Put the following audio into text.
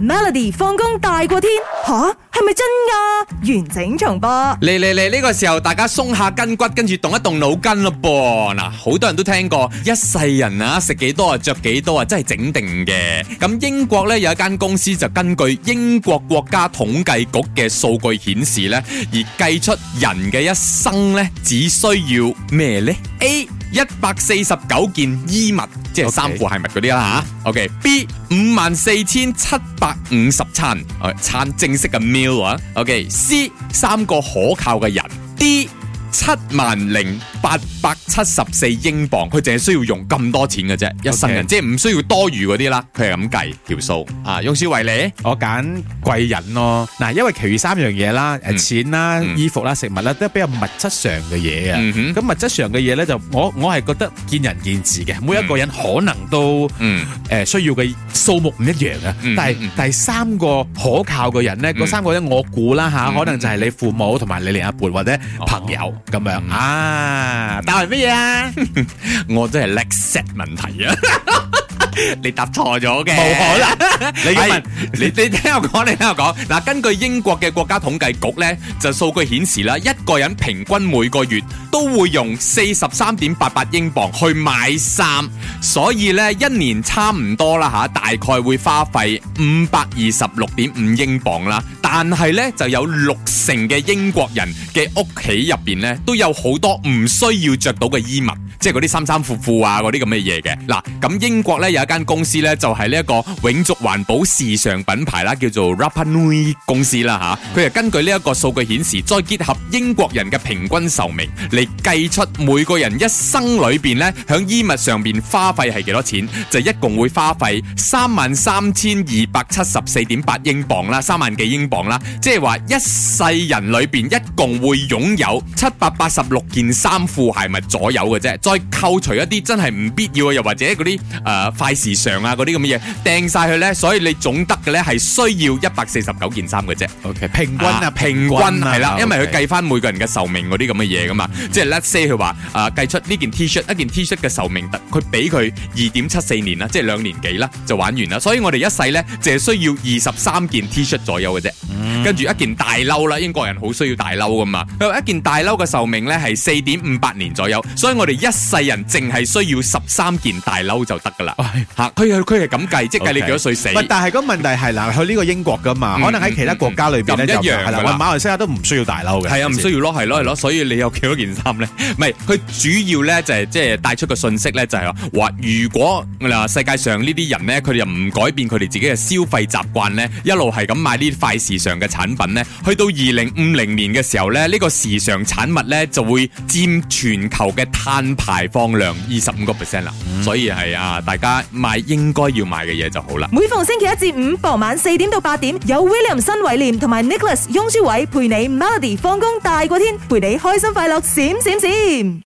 Melody 放工大過天吓，係咪真噶？完整重播嚟嚟嚟，呢個時候大家鬆下筋骨，跟住動一動腦筋咯噃。嗱，好多人都聽過一世人啊，食幾多啊，着幾多啊，真係整定嘅。咁英國呢，有一間公司就根據英國國家統計局嘅數據顯示呢，而計出人嘅一生呢，只需要咩呢？A 一百四十九件衣物，Okay. 即係衫褲鞋襪嗰啲啦吓。OK，B 五萬四千七百五十餐，Okay. 餐正式嘅 meal 啊。OK，C Okay. 三個可靠嘅人，D。七萬零八百七十四英鎊，佢淨係需要用咁多錢嘅啫，Okay. 一生人即係唔需要多餘嗰啲啦。佢係咁計條數啊，用少為嚟，我揀貴人咯。嗱，因為其餘三樣嘢啦，誒，錢啦、mm hmm. 衣服啦、食物啦，都係比較物質上嘅嘢啊。咁、mm hmm. 物質上嘅嘢咧，就我我係覺得見仁見智嘅，每一個人可能都誒、mm hmm. 呃、需要嘅。數目唔一樣啊，但係第三個可靠嘅人咧，嗰三個人我估啦嚇，可能就係你父母同埋你另一半或者朋友咁樣啊。但係乜嘢啊？我真係叻石問題啊！你答錯咗嘅，冇可能。你問，你你聽我講，你聽我講。嗱，根據英國嘅國家統計局咧，就數據顯示啦，一個人平均每個月都會用四十三點八八英鎊去買衫，所以咧一年差唔多啦吓，大概會花費五百二十六點五英鎊啦。但係咧就有六成嘅英國人嘅屋企入邊咧都有好多唔需要着到嘅衣物，即係嗰啲衫衫褲褲啊，嗰啲咁嘅嘢嘅。嗱，咁英國咧有。間公司呢，就係呢一個永續環保時尚品牌啦，叫做 Rapanui 公司啦吓。佢、啊、係根據呢一個數據顯示，再結合英國人嘅平均壽命嚟，計出每個人一生裏邊呢，響衣物上邊花費係幾多錢，就是、一共會花費三萬三千二百七十四點八英鎊啦，三萬幾英鎊啦。即係話一世人裏邊一共會擁有七百八十六件衫褲鞋襪左右嘅啫。再扣除一啲真係唔必要嘅，又或者嗰啲誒快。呃時尚啊，嗰啲咁嘅嘢掟晒佢呢，所以你總得嘅呢係需要一百四十九件衫嘅啫。OK，平均啊，啊平均係、啊、啦，啊、因為佢計翻每個人嘅壽命嗰啲咁嘅嘢噶嘛，嗯、即係 let’s say 佢話啊，計出呢件 T-shirt 一件 T-shirt 嘅壽命，佢俾佢二點七四年啦，即係兩年幾啦，就玩完啦。所以我哋一世呢，就係需要二十三件 T-shirt 左右嘅啫。跟住一件大褸啦，英國人好需要大褸噶嘛？佢一件大褸嘅壽命咧係四點五八年左右，所以我哋一世人淨係需要十三件大褸就得噶啦。吓，佢佢係咁計，即係計你幾多歲死。唔係，但係個問題係嗱，去呢個英國噶嘛，可能喺其他國家裏邊咧就唔同啦。馬來西亞都唔需要大褸嘅，係啊，唔需要咯，係咯係咯，所以你有幾多件衫咧？唔係，佢主要咧就係即係帶出個信息咧，就係話，如果嗱世界上呢啲人咧，佢哋又唔改變佢哋自己嘅消費習慣咧，一路係咁買呢啲快時尚嘅。產品咧，去到二零五零年嘅時候咧，呢、這個時尚產物咧就會佔全球嘅碳排放量二十五個 percent 啦。Mm. 所以係啊，大家買應該要買嘅嘢就好啦。每逢星期一至五傍晚四點到八點，有 William 新偉廉同埋 Nicholas 庸舒偉陪你 Melody 放工大過天，陪你開心快樂閃閃閃。